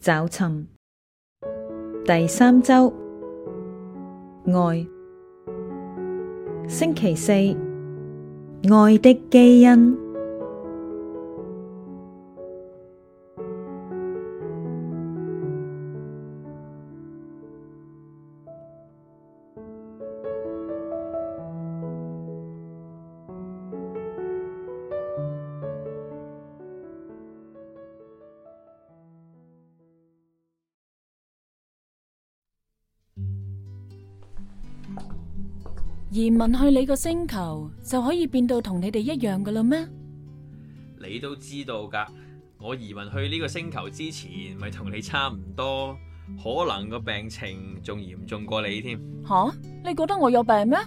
找尋第三周愛星期四愛的基因。移民去你個星球，就可以變到同你哋一樣㗎喇咩？你都知道㗎，我移民去呢個星球之前咪同你差唔多，可能個病情仲嚴重過你添。吓？你覺得我有病咩？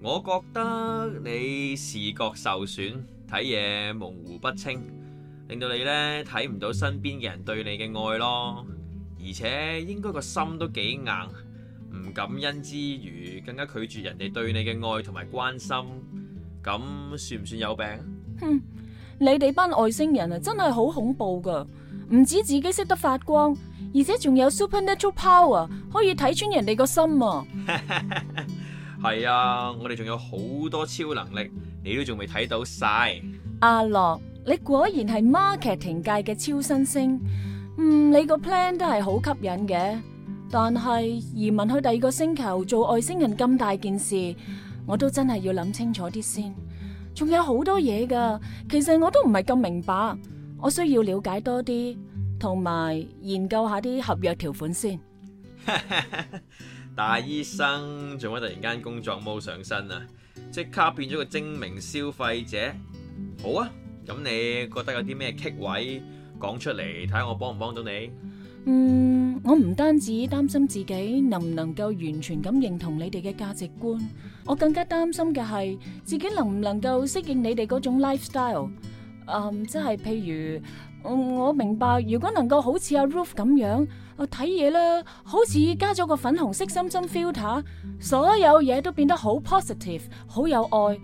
我覺得你視覺受損，睇嘢模糊不清，令到你呢睇唔到身邊嘅人對你嘅愛囉，而且應該個心都幾硬。唔感恩之餘，更加拒絕人哋對你嘅愛同埋關心，咁算唔算有病？哼， 你哋班外星人啊，真係好恐怖噶！唔止自己識得發光，而且仲有 super natural power 可以睇穿人哋個心啊！係 啊，我哋仲有好多超能力，你都仲未睇到晒。阿樂，啊，你果然係 Marketing 界嘅超新星，嗯，你個 plan 都係好吸引嘅。但係移民去第二個星球做外星人咁大件事，我都真係要諗清楚啲先。仲有好多嘢噶，其實我都唔係咁明白，我需要了解多啲，同埋研究下啲合約條款先。 大醫生，做乜突然間工作 mode 上身啊？即刻變咗個精明消費者。好啊，咁你覺得有啲咩棘位，講出嚟，睇下我幫唔幫到你？嗯，我唔單止擔心自己能唔能夠完全咁認同你哋嘅價值觀，我更加擔心嘅係自己能唔能夠適應你哋嗰種 lifestyle。誒，即係譬如，我明白如果能夠好似阿 Ruth 咁樣，睇嘢啦，好似加咗個粉紅色心心 filter，所有嘢都變得好 positive，好有愛。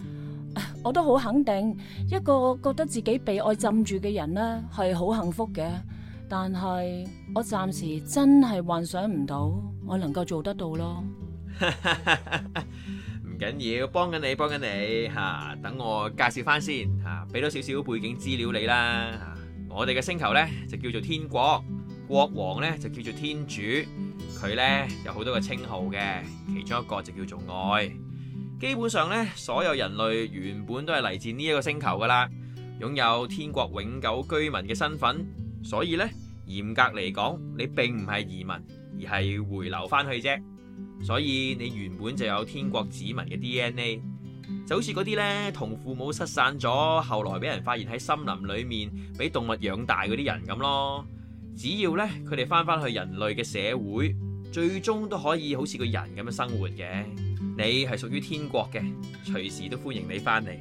我都好肯定，一個覺得自己被愛浸住嘅人呢，係好幸福嘅。但係我暫時真係幻想唔到，我能夠做得到囉 。唔緊要，幫緊你，幫緊你吓、啊。等我介紹返先吓，俾、啊、多少少背景資料你啦、啊。我哋嘅星球呢，就叫做天國，國王呢，就叫做天主，佢呢，有好多個稱號嘅，其中一個就叫做愛。基本上呢，所有人類原本都係嚟自呢一個星球㗎喇，擁有天國永久居民嘅身份。所以呢，嚴格嚟講，你並唔係移民，而係回流返去啫。所以你原本就有天國子民嘅 DNA，就好似嗰啲呢同父母失散咗，後來俾人發現喺森林裏面，俾動物養大嗰啲人咁囉。只要呢佢哋返返去人類嘅社會，最終都可以好似個人咁樣生活嘅。你係屬於天國嘅，隨時都歡迎你返嚟。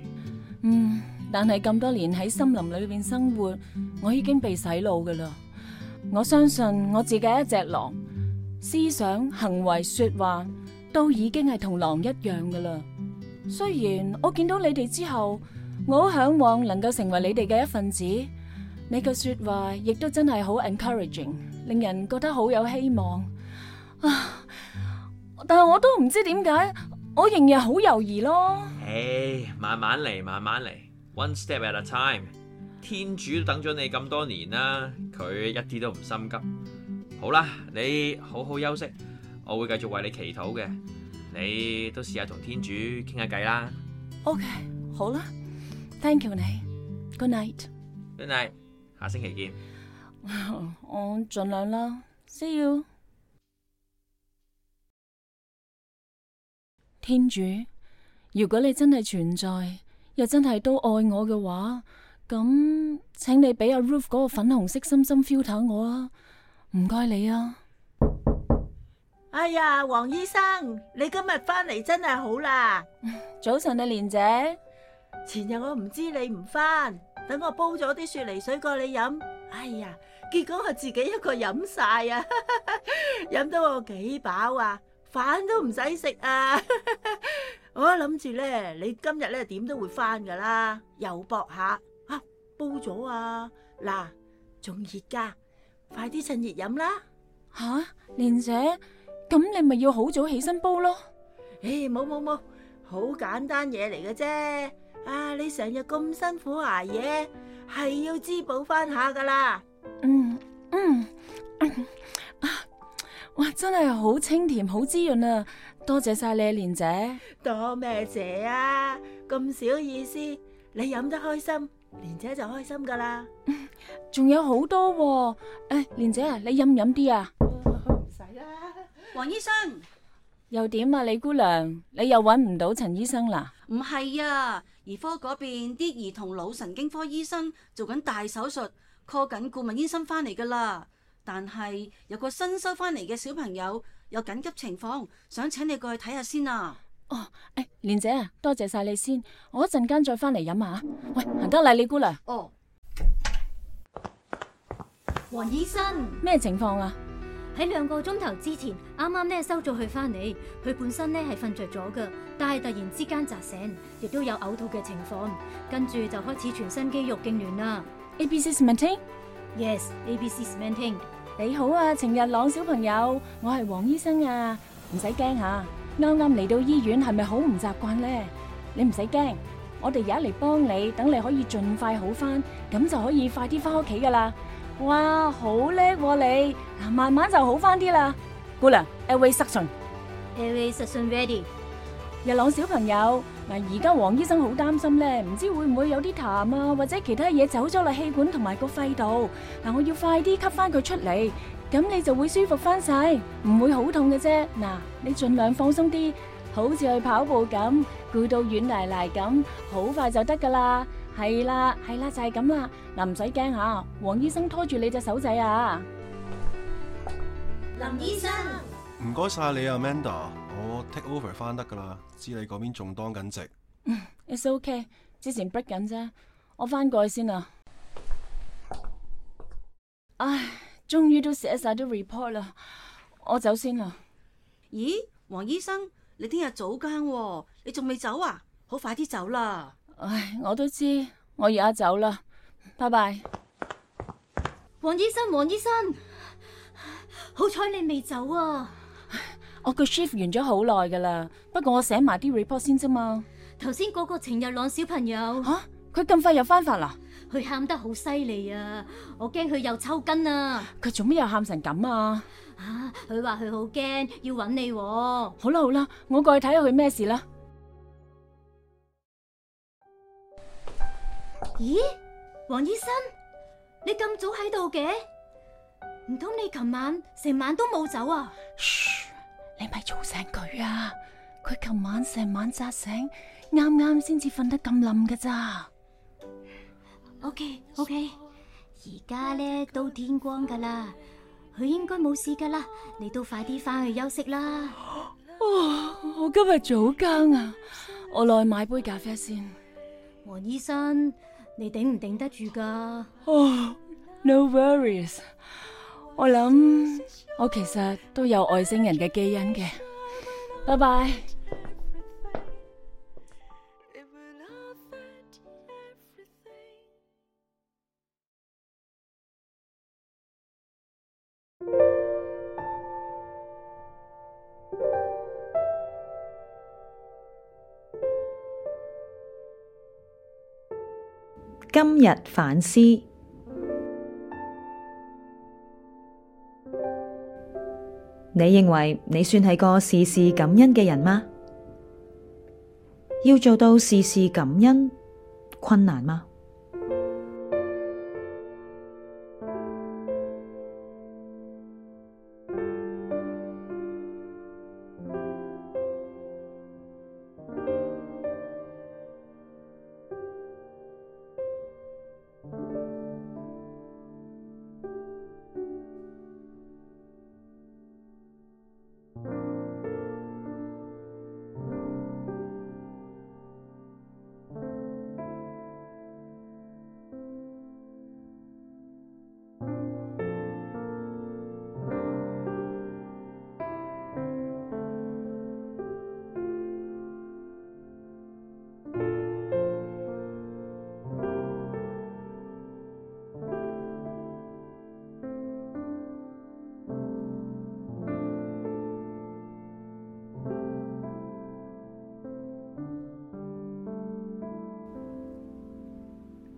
嗯。但係咁多年喺森林裏面生活，我已經被洗腦噶啦。我相信我自己一隻狼，思想、行為、說話都已經係同狼一樣噶啦。雖然我見到你哋之後，我好嚮往能夠成為你哋嘅一份子。你嘅說話亦都真係好 encouraging，令人覺得好有希望。啊！但係我都唔知點解，我仍然好猶豫咯。誒，慢慢嚟，慢慢嚟。One step at a time。天主等咗你咁多年啦，佢一啲都唔心急。好啦，你好好休息，我會繼續為你祈禱嘅。你都試下同天主傾下偈啦。OK，好啦，Thank you，你。Good night。Good night，下星期見。我盡量啦，See you。天主，如果你真係存在，又真係都愛我嘅話，咁請你俾阿 Ruth 嗰個粉紅色心心 filter 我啊！唔該你啊！哎呀，黃醫生，你今日返嚟真係好啦！早晨呀，蓮姐，前日我唔知你唔返，等我煲咗啲雪梨水過你飲。哎呀，結果我自己一個飲晒 啊，飲到我幾飽啊，飯都唔使食啊！.我諗住咧，你今日咧點都會返噶啦。又搏下啊，煲咗啊，嗱，仲熱噶，快啲趁熱飲啦吓，蓮姐，咁你咪要好早起身煲咯？誒，冇冇冇，好簡單嘢嚟嘅啫，啊，你成日咁辛苦捱夜，係要滋補返吓噶啦，嗯嗯，啊，哇，真係好清甜，好滋潤啊！多謝晒你，蓮姐。多咩謝啊？咁少意思，你飲得開心，蓮姐就開心噶啦。仲有好多喎，誒，蓮姐啊，你飲唔飲啲啊？唔使啦，黃醫生。又點啊，李姑娘？你又搵唔到陳醫生啦？唔係啊，兒科嗰邊啲兒童腦神經科醫生做緊大手術，call 緊顧問醫生翻嚟噶啦。但係有個新收翻嚟嘅小朋友。有緊急情況，想請你過去睇下先啊！哦、oh, 哎，誒，蓮姐啊，多謝晒你先，我一陣間再翻嚟飲下。喂，行得喇，李姑娘。哦，oh. 黃醫生，咩情況啊？喺兩個鐘頭之前，啱啱咧收咗佢翻嚟，佢本身咧係瞓着咗噶，但係突然之間扎醒，亦都有嘔吐嘅情況，跟住就開始全身肌肉痙攣啦。ABCs maintained？Yes，ABCs maintained。S S M T ing. 你好啊，程日朗小朋友，我係黃醫生啊，唔使驚吓，啱啱嚟到醫院係咪好唔習慣咧？你唔使驚，我哋而家嚟幫你，等你可以盡快好翻，咁就可以快啲翻屋企噶啦。哇，好叻喎你，嗱，慢慢就好翻啲啦，姑娘。Airway Suction，Airway Suction ready，日朗小朋友。嗱，而家黃醫生好擔心咧，唔知會唔會有啲痰啊，或者其他嘢走咗落氣管同埋個肺度。嗱，我要快啲吸翻佢出嚟，咁你就會舒服翻晒，唔會好痛嘅啫。嗱，你盡量放鬆啲，好似去跑步咁，攰到軟瀨瀨咁，好快就得噶啦。係啦，係啦，就係咁啦。嗱，唔使驚吓，黃醫生拖住你隻手仔啊。林醫生，唔該晒你啊，Manda。我 take over 翻得噶啦， 知你嗰邊仲當緊值。嗯，it's okay，之前 break 緊啫，我翻過去先啦。唉，終於都寫晒啲 report 啦，我走先啦。咦，黃醫生，你聽日早更，啊，你仲未走啊？好快啲走啦！唉，我都知，我而家走啦，拜拜。黃醫生，黃醫生，好彩你未走啊！我個 shift 完咗好耐噶啦，不過我寫埋啲 report 先啫嘛。頭先嗰個程日朗小朋友，吓，佢咁快又翻返啦？佢喊得好犀利啊！我驚佢又抽筋啊！佢做咩又喊成咁啊？啊！佢話佢好驚，要揾你好啦好啦，我過去睇下佢咩事啦。咦，黃醫生，你咁早喺度嘅？唔通你琴晚成晚都冇走啊？你咪嘈醒佢啊！佢琴晚成晚扎醒，啱啱先至瞓得咁冧噶咋。OK OK，而家咧都天光噶啦，佢應該冇事噶啦。你都快啲翻去休息啦。哦，我今日早更啊，我落去買杯咖啡先。黃醫生，你頂唔頂得住噶？Oh，哦，No worries. 我諗我其實都有外星人嘅基因嘅，拜拜。今日反思。你認為你算係個事事感恩嘅人嗎？要做到事事感恩，困難嗎？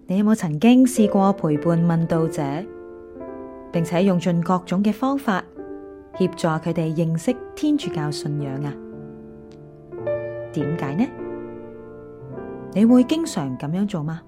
你有冇曾經試過陪伴問道者，並且用盡各種嘅方法協助佢哋認識天主教信仰啊？點解呢？你會經常咁樣做嗎？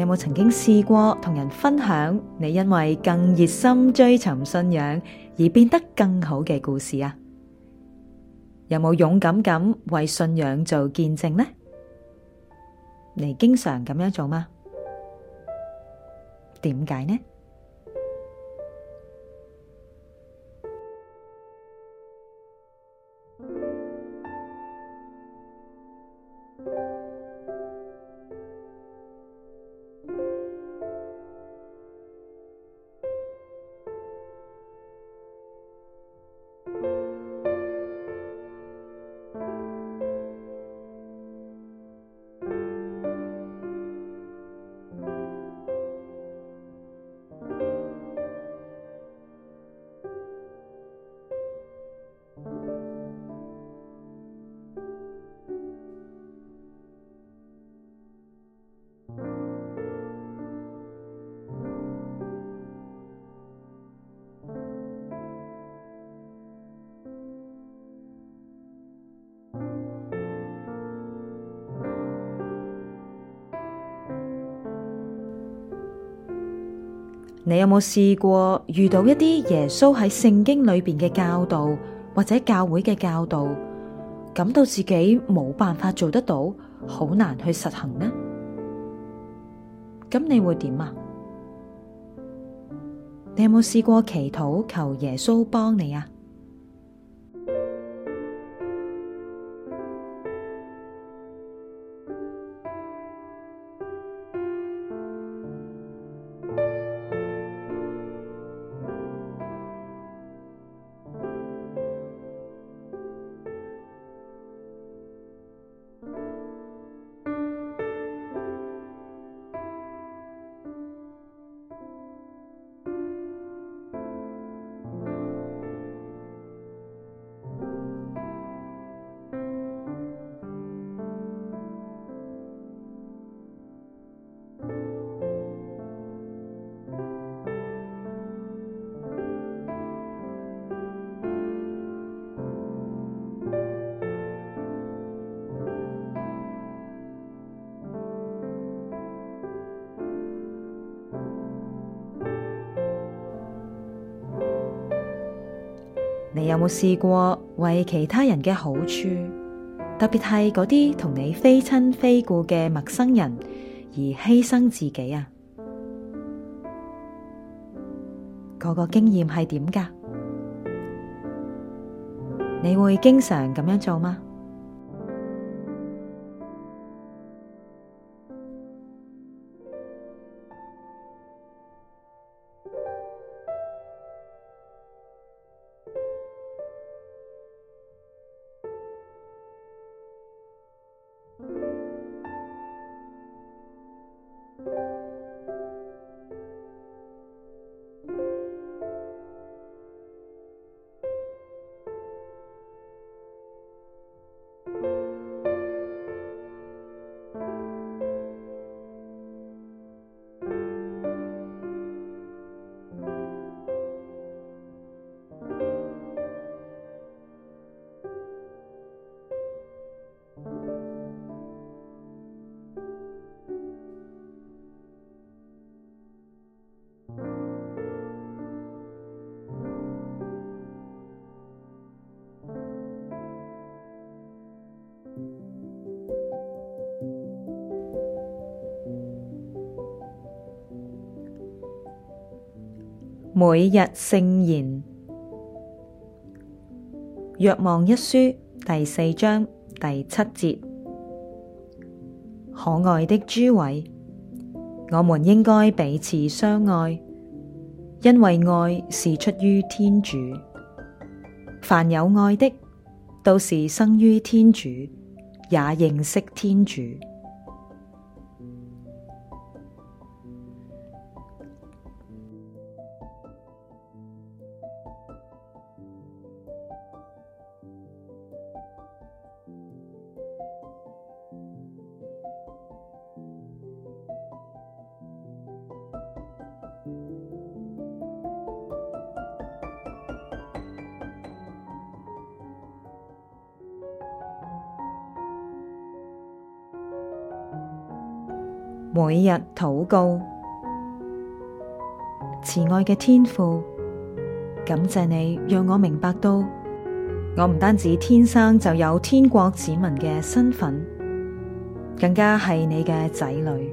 你有冇曾經試過同人分享你因為更熱心追尋信仰而變得更好嘅故事啊？有冇勇敢咁為信仰做見證呢？你經常咁樣做嗎？點解呢？你有冇試過遇到一啲耶穌喺聖經裏邊嘅教導，或者教會嘅教導，感到自己冇辦法做得到，好難去實行呢？咁你會點啊？你有冇試過祈禱求，求耶穌幫你啊？你有冇試過為其他人嘅好處，特別係嗰啲同你非親非故嘅陌生人而犧牲自己啊？嗰個經驗係點噶？你會經常咁樣做嗎？每日聖言《若望一書》第四章第七節，可愛的諸位，我們應該彼此相愛，因為愛是出於天主。凡有愛的，都是生於天主，也認識天主。每日禱告，慈愛嘅天父，感謝你讓我明白到，我唔單止天生就有天國子民嘅身份，更加係你嘅仔女，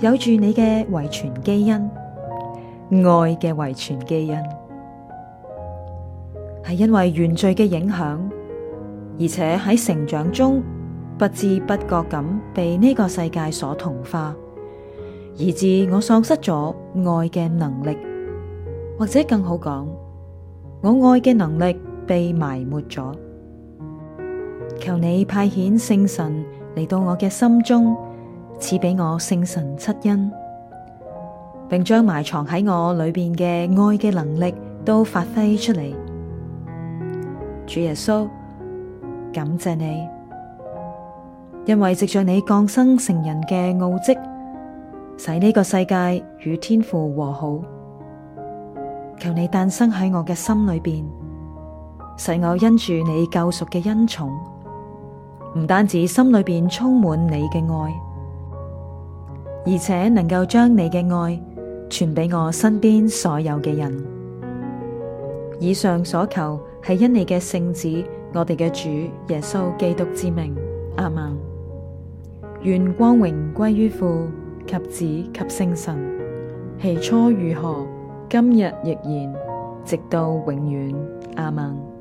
有住你嘅遺傳基因，愛嘅遺傳基因，係因為原罪嘅影響，而且喺成長中不知不覺咁被呢個世界所同化。以致我喪失咗愛嘅能力，或者更好講，我愛嘅能力被埋沒咗。求你派遣聖神嚟到我嘅心中，賜俾我聖神七恩，並將埋藏喺我裏面嘅愛嘅能力都發揮出嚟。主耶穌，感謝你，因為藉着你降生成人嘅奧蹟。使呢個世界與天父和好，求你誕生喺我嘅心裏邊，使我因住你救贖嘅恩寵，唔單止心裏邊充滿你嘅愛，而且能夠將你嘅愛傳俾我身邊所有嘅人。以上所求係因你嘅聖子，我哋嘅主耶穌基督之名，阿門。願光榮歸於父，及子及聖神，起初如何，今日亦然，直到永遠。阿們。